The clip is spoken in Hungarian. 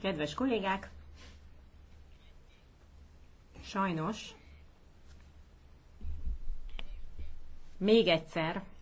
Kedves kollégák! Sajnos még egyszer